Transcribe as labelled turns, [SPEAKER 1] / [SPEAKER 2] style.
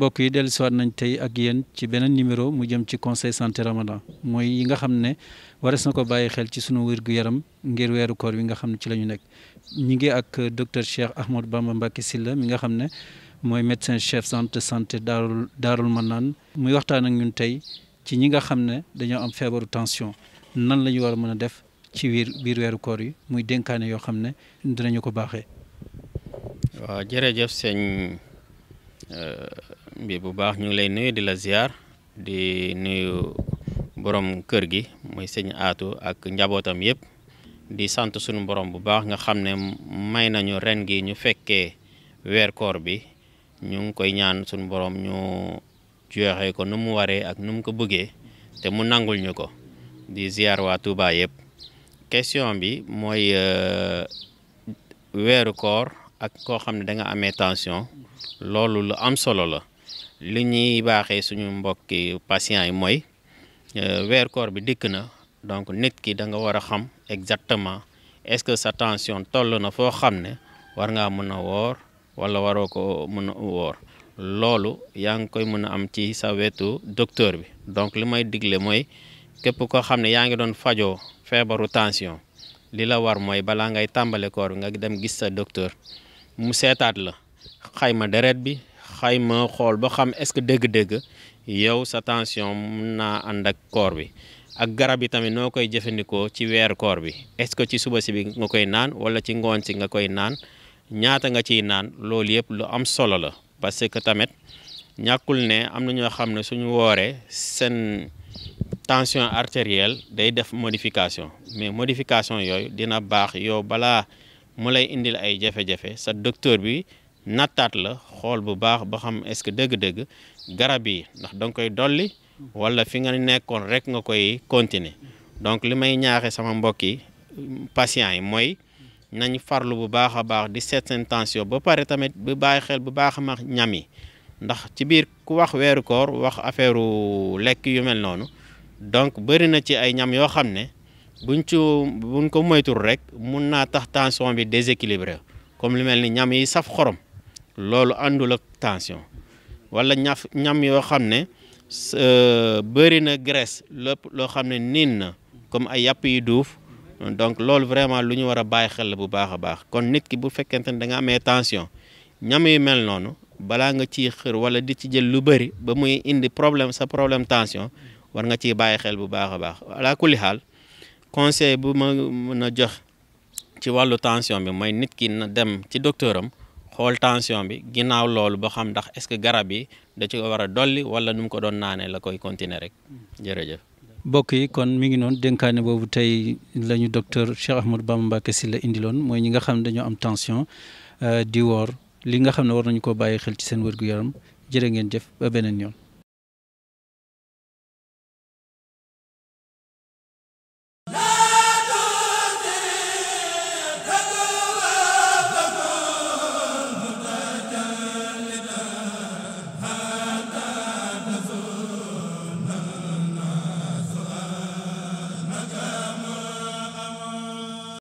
[SPEAKER 1] mbokk yi dellusiwaat nañ tey ak yéen ci beneen numéro mu jëm ci conseil santé ramadan mooy yi nga xam ne wares na ko bàyyi xel ci sunu wér-gu-yaram ngir weeru koor wi nga xam ne ci la ñu nekk ñi ngi ak docteur Cheikh Ahmadou Bamba Mbacké Sylla mi nga xam ne mooy médecin chef centre santé daarul daarul naan muy waxtaan ak ñun tey ci ñi nga xam ne dañoo am feebaru tension nan lañu war a mën a def ci biir biir weeru koor yi muy dénkaane yoo xam ne dinañu ko baaxe
[SPEAKER 2] bi bu baax ñu ngi lay nuyu di la ziar di nuyu borom kër gi muy sëñ aatu ak njabootam yëpp di sant sunu borom bu baax nga xam ne may nañu ren gi ñu fekkee weer koor bi ñu ngi koy ñaan sunu borom ñu joxe ko nu mu waree ak nu mu ko bëggee te mu nangul ñu ko di ziar waa Touba yëpp question bi mooy euh, weeru koor ak koo xam ne danga nga amee tension loolu lu am solo la li ñuy baaxee suñu mbokki patients yi mooy euh, weer koor bi dikk na donc nit ki danga nga war a xam exactement est-ce que sa tension toll na foo xam ne war ngaa mën a woor wala waroo ko mën a woor loolu yaa ngi koy mën a am ci sa wetu docteur bi donc li may digle mooy képp koo xam ne yaa ngi doon fajoo feebaru tension li la war mooy balaa ngay tàmbale koor bi nga dem gis sa docteur mu seetaat la xayma deret bi xayma xool ba xam est-ce que dëgg-dëgg yow sa tension mun naa ànd ak koor bi ak garab yi tamit noo koy jëfandikoo ci weeru koor bi est-ce que ci suba si bi nga koy naan walla ci ngoon si nga koy naan ñaata nga ciy naan loolu yëpp lu am solo la parce que tamit ñàkkul ne am na ñoo xam ne suñu wooree seen tension artérielle day def modification mais modification yooyu dina baax yow balaa mu lay indil ay jafe-jafe sa docteur bi nattaat la xool bu baax ba xam est-ce que dëgg-dëgg garab yi ndax danga koy dolli wala fi nga nekkoon rek nga koy continuer donc li may ñaaxee sama mbokk yi patients yi mooy nañ farlu bu baax a baax di seet seen tension ba pare tamit bu bàyyi xel bu baax a baax ñam yi ndax ci biir ku wax weeru koor wax affaire lekk yu mel noonu donc bëri na ci ay ñam yoo xam ne buñ ci ko moytul rek mun naa tax tension bi déséquilibré comme lu mel ni ñam yi saf xorom loolu àndul ak tension wala ñaf ñam yoo xam ne euh, bëri na graisse lépp loo xam ne niin na comme ay yàpp yu duuf donc loolu vraiment lu ñu war a bàyyi xel la bu baax a baax kon nit ki bu fekkente ne da nga amee tension ñam yi mel noonu balaa nga ciy xër wala di ci jël lu bëri ba muy indi problème sa problème tension war nga ciy bàyyi xel bu baax a baax ala kulli xaal conseil bu ma mën a jox ci wàllu tension bi mooy nit ki na dem ci docteur am xool tension bi ginnaaw loolu ba xam ndax est-ce que garab yi da ci war a dolli wala nu mu ko doon naanee la koy continuer rek jërëjëf.
[SPEAKER 1] mbokk yi kon mi ngi noonu dénkaane boobu tey la ñu docteur Cheikh Ahmadou Bamba si la indiloon mooy ñi nga xam ne dañoo am tension euh, di woor li nga xam ne war nañu koo bàyyi xel ci seen wér-gu-yaram jërë ngeen jëf ba beneen yoon.